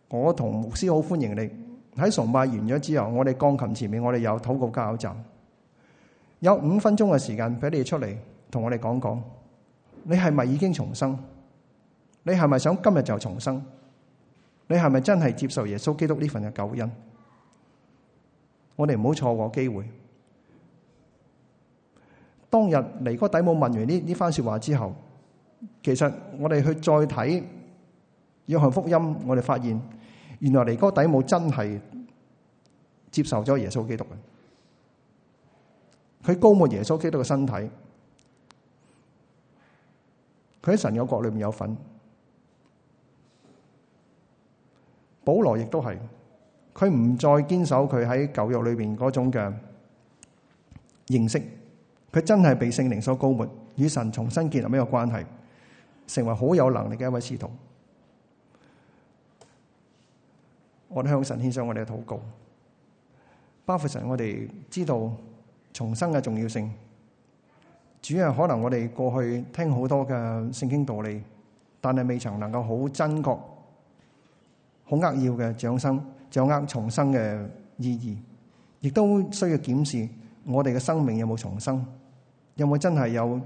我同牧師好歡迎你。喺崇拜完咗之後，我哋鋼琴前面我哋有禱告加油站，有五分鐘嘅時間俾你出嚟同我哋講講，你係咪已經重生？你係咪想今日就重生？你係咪真係接受耶穌基督呢份嘅救恩？我哋唔好錯過機會。當日尼哥底母問完呢呢番說話之後，其實我哋去再睇《約翰福音》，我哋發現原來尼哥底母真係接受咗耶穌基督嘅，佢高慕耶穌基督嘅身體，佢喺神有國裏面有份。保羅亦都係，佢唔再堅守佢喺舊約裏邊嗰種嘅認識佢真係被聖靈所高沒，與神重新建立一個關係，成為好有能力嘅一位使徒。我哋向神獻上我哋嘅禱告，包括神，我哋知道重生嘅重要性。主要係可能我哋過去聽好多嘅聖經道理，但係未曾能夠好真覺，好扼要嘅掌聲掌握重生嘅意義，亦都需要檢視。我哋嘅生命有冇重生？有冇真係有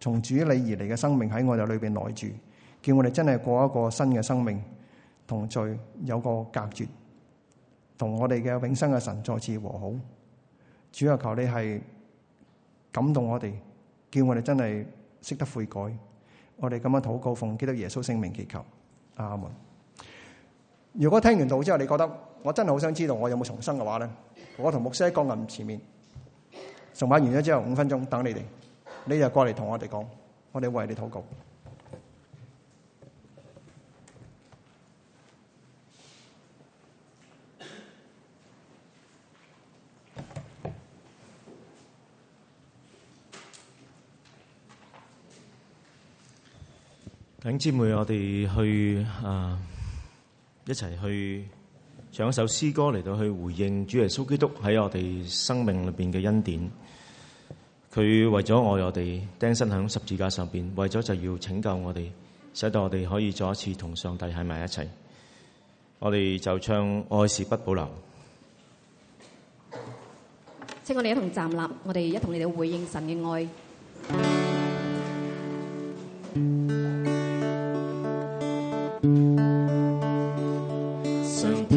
從主裡而嚟嘅生命喺我哋裏邊耐住，叫我哋真係過一個新嘅生命，同罪有一個隔絕，同我哋嘅永生嘅神再次和好。主啊，求你係感動我哋，叫我哋真係識得悔改。我哋咁樣禱告奉基督耶穌聖名祈求，阿門。如果聽完道之後，你覺得我真係好想知道我有冇重生嘅話咧，我同牧師喺鋼琴前面。崇拜完咗之後，五分鐘等你哋，你又過嚟同我哋講，我哋為你禱告。弟兄姊妹，我哋去啊，一齊去。唱一首詩歌嚟到去回應主耶穌基督喺我哋生命裏面嘅恩典，佢為咗愛我哋釘身喺十字架上面，為咗就要拯救我哋，使到我哋可以再一次同上帝喺埋一齊，我哋就唱《愛是不保留》，請我哋一同站立，我哋一同嚟到回應神嘅愛。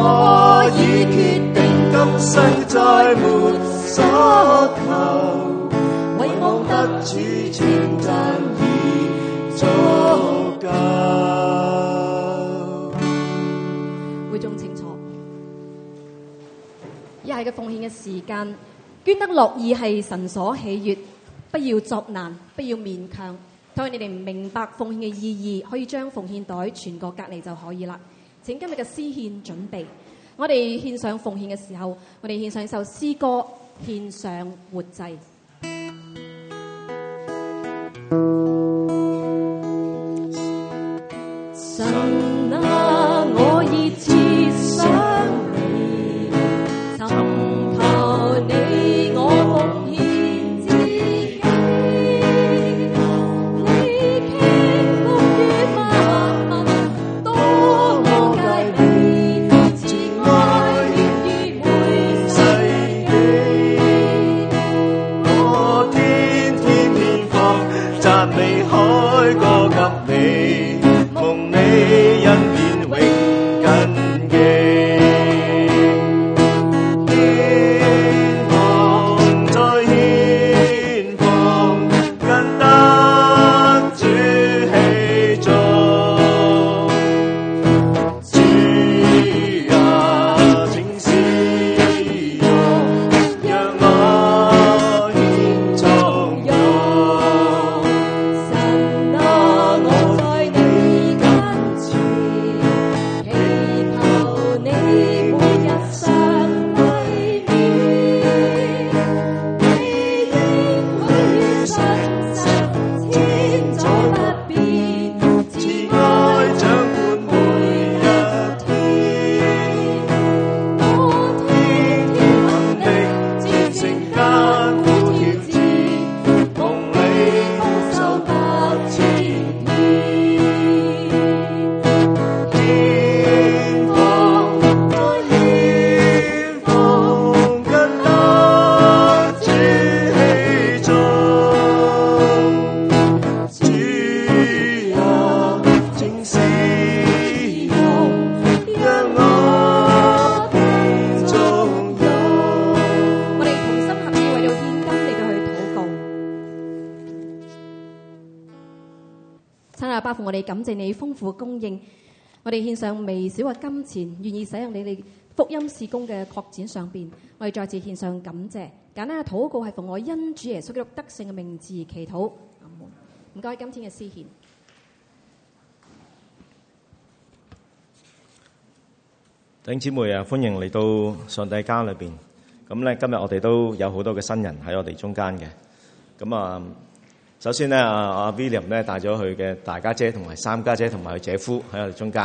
我已決定今世再沒所求，會眾請坐。一係嘅奉獻嘅時間，捐得樂意係神所喜悅，不要作難，不要勉強。倘若，你哋唔明白奉獻嘅意義，可以將奉獻袋傳過隔籬就可以啦。請今日嘅詩獻準備，我哋獻上奉獻嘅時候，我哋獻上一首詩歌，獻上活祭。感謝你豐富供應，我哋獻上微小嘅金錢，願意使用你哋福音事工嘅擴展上邊，我哋再次獻上感謝。簡單嘅禱告係奉我恩主耶穌基督得勝嘅名字而祈禱。阿門。唔該，今天嘅司獻。弟兄姊妹啊，歡迎嚟到上帝家裏邊。咁咧，今日我哋都有好多嘅新人喺我哋中間嘅。咁啊。首先呢，阿阿 William 咧，帶咗佢嘅大家姐同埋三家姐同埋佢姐夫喺我哋中間。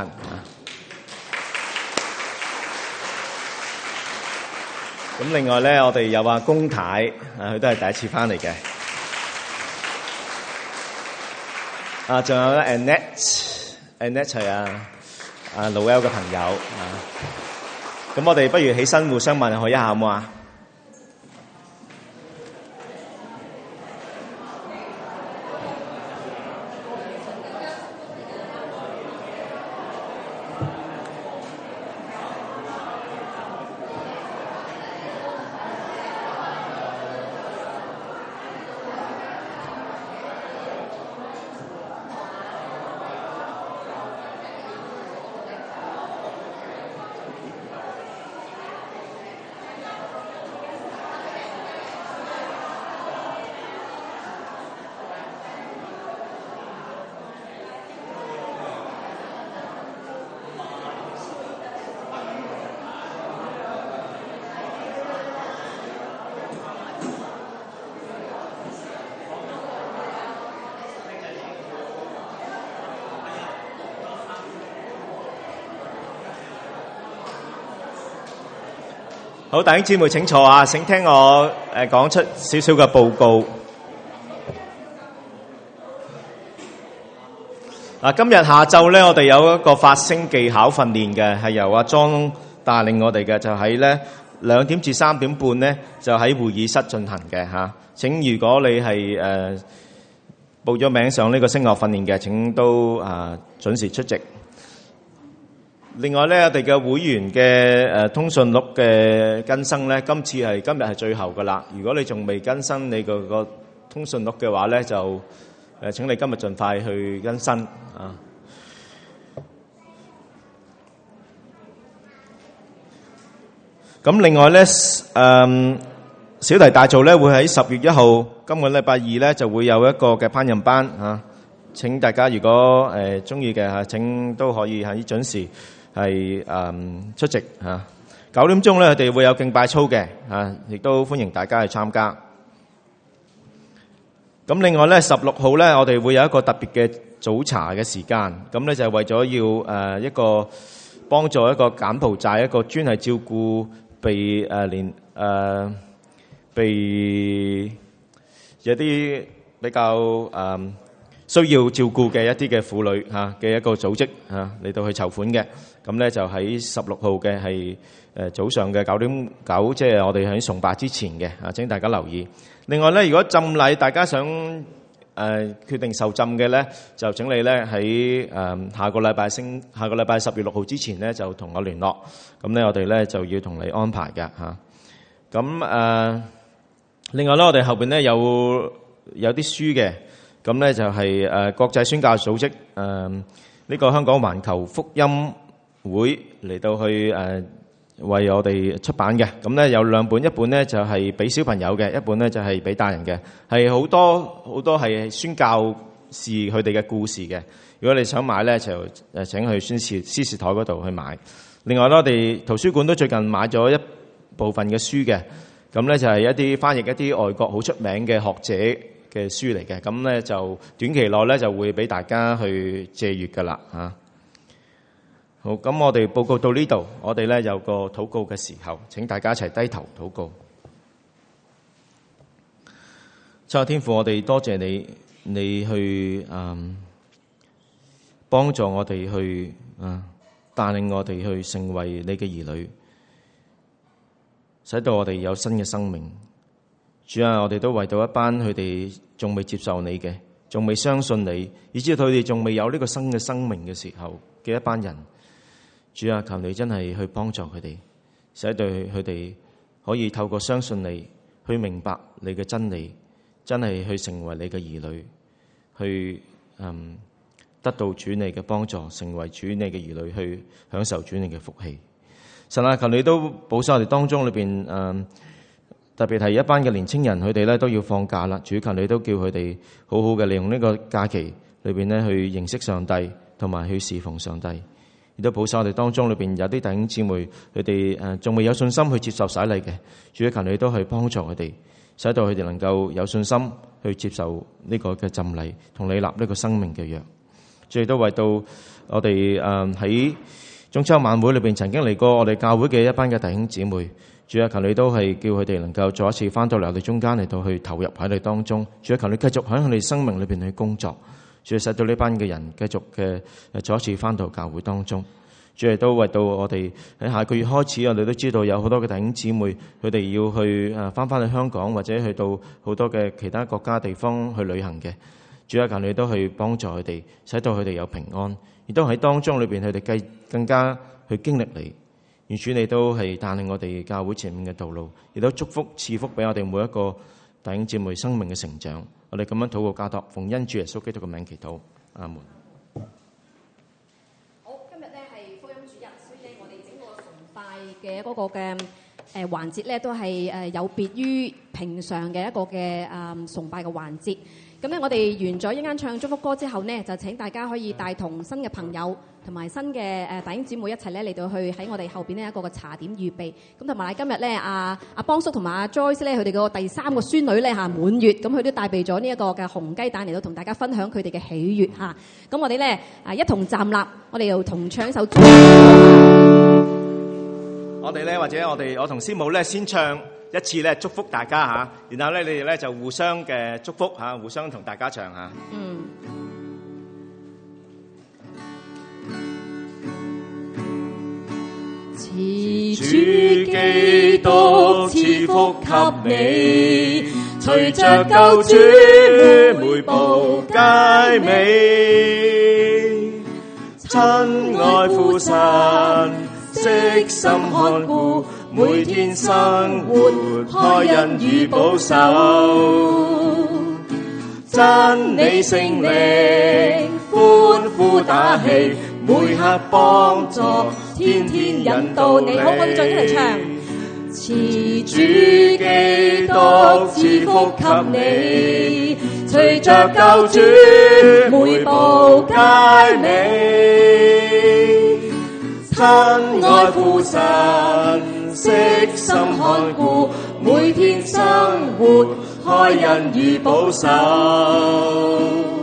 咁另外咧，我哋有阿公太，佢都係第一次翻嚟嘅。啊，仲有 Annette，Annette 啊，啊 Lowell 嘅朋友。咁我哋不如起身互相問佢一下，好冇啊？好，弟兄姊妹請坐啊！請聽我誒講出少少嘅報告。嗱，今日下晝咧，我哋有一個發聲技巧訓練嘅，係由阿莊帶領我哋嘅，就喺咧兩點至三點半咧，就喺會議室進行嘅吓。請，如果你係誒報咗名上呢個聲樂訓練嘅，請都啊準時出席。另外咧，我哋嘅會員嘅誒通訊錄嘅更新咧，今次係今日係最後㗎喇。如果你仲未更新你個個通訊錄嘅話咧，就誒請你今日盡快去更新啊。咁另外咧，誒小題大做咧，會喺十月一號，今個禮拜二咧就會有一個嘅烹飪班啊。請大家如果誒鍾意嘅嚇，請都可以喺準時。係誒出席吓，九點鐘咧，我哋會有敬拜操嘅吓，亦都歡迎大家去參加。咁另外咧，十六號咧，我哋會有一個特別嘅早茶嘅時間。咁咧就係為咗要誒一個幫助一個柬埔寨，一個專係照顧被誒連誒被有一啲比較誒需要照顧嘅一啲嘅婦女吓嘅一個組織吓嚟到去籌款嘅。咁咧就喺十六號嘅係誒早上嘅九點九，即係我哋喺崇拜之前嘅吓，請大家留意。另外咧，如果浸禮大家想誒決定受浸嘅咧，就請你咧喺誒下個禮拜星下個禮拜十月六號之前咧，就同我聯絡。咁咧，我哋咧就要同你安排嘅吓。咁誒，另外咧，我哋後邊咧有有啲書嘅。咁咧就係誒國際宣教組織誒呢個香港環球福音。會嚟到去誒、呃，為我哋出版嘅。咁咧有兩本，一本咧就係俾小朋友嘅，一本咧就係俾大人嘅，係好多好多係宣教士佢哋嘅故事嘅。如果你想買咧，就誒請去宣誓司事台嗰度去買。另外咧，我哋圖書館都最近買咗一部分嘅書嘅，咁咧就係一啲翻譯一啲外國好出名嘅學者嘅書嚟嘅，咁咧就短期內咧就會俾大家去借閱噶啦，吓、啊。好咁，我哋報告到呢度，我哋呢有個禱告嘅時候，請大家一齊低頭禱告。神嘅天父，我哋多謝你，你去啊幫助我哋去啊帶領我哋去成為你嘅兒女，使到我哋有新嘅生命。主啊，我哋都為到一班佢哋仲未接受你嘅，仲未相信你，以致佢哋仲未有呢個新嘅生命嘅時候嘅一班人。主阿、啊、求你真係去幫助佢哋，使到佢哋可以透過相信你，去明白你嘅真理，真係去成為你嘅兒女，去嗯得到主你嘅幫助，成為主你嘅兒女，去享受主你嘅福氣。神阿、啊、求你都保守我哋當中裏邊誒、呃，特別係一班嘅年青人，佢哋咧都要放假啦。主、啊、求你都叫佢哋好好嘅利用呢個假期裏邊咧去認識上帝，同埋去侍奉上帝。亦都保守我哋當中裏邊有啲弟兄姊妹，佢哋誒仲未有信心去接受洗禮嘅，主啊，求你都去幫助佢哋，使到佢哋能夠有信心去接受呢個嘅浸禮同你立呢個生命嘅約。最後都為到我哋誒喺中秋晚會裏邊曾經嚟過我哋教會嘅一班嘅弟兄姊妹，主啊，求你都係叫佢哋能夠再一次翻到嚟我哋中間嚟到去投入喺你當中，主啊，求你繼續喺我哋生命裏邊去工作。主要使到呢班嘅人繼續嘅再一次翻到教會當中。主要都為到我哋喺下個月開始，我哋都知道有好多嘅弟兄姊妹佢哋要去誒翻返去香港或者去到好多嘅其他國家地方去旅行嘅。主啊，求你都去幫助佢哋，使到佢哋有平安，亦都喺當中裏邊佢哋繼更加去經歷你。而主你都係帶領我哋教會前面嘅道路，亦都祝福賜福俾我哋每一個弟兄姊妹生命嘅成長。我哋咁樣禱告交託，逢恩主耶穌基督嘅名祈禱，阿門。好，今日咧係福音主日，所以咧我哋整個崇拜嘅嗰個嘅誒環節咧都係誒有別於平常嘅一個嘅誒、嗯、崇拜嘅環節。咁咧我哋完咗一間唱祝福歌之後咧，就請大家可以帶同新嘅朋友。同埋新嘅誒大英姊妹一齊咧嚟到去喺我哋後邊咧一個個茶點預備，咁同埋今日咧阿阿邦叔同埋阿 Joyce 咧佢哋個第三個孫女咧嚇滿月，咁佢都帶備咗呢一個嘅紅雞蛋嚟到同大家分享佢哋嘅喜悅嚇。咁、啊、我哋咧啊一同站立，我哋又同唱一首歌。我哋咧或者我哋我同師母咧先唱一次咧祝福大家嚇、啊，然後咧你哋咧就互相嘅祝福嚇、啊，互相同大家唱嚇、啊。嗯。慈主基督賜福給你，隨着救主每，每步皆美。親愛父神，悉心看顧，每天生活開恩與保守，讚你聖名，歡呼打氣。每刻幫助，天天引導你，你好，我哋再一齊唱。持主基督，祝福給你，隨着救主每步皆美。親愛父神，悉心看顧，每天生活，開恩與保守。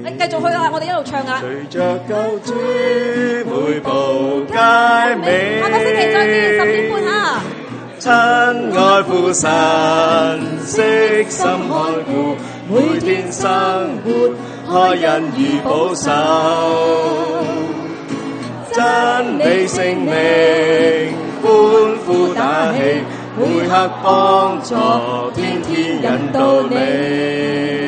你繼續去啦，我哋一路唱啊！隨着腳步每步皆美。下個星期再見，十點半哈。親愛父神，悉心愛護，每天生活開恩而保守，真理生命歡呼打氣，每刻幫助，天天引導你。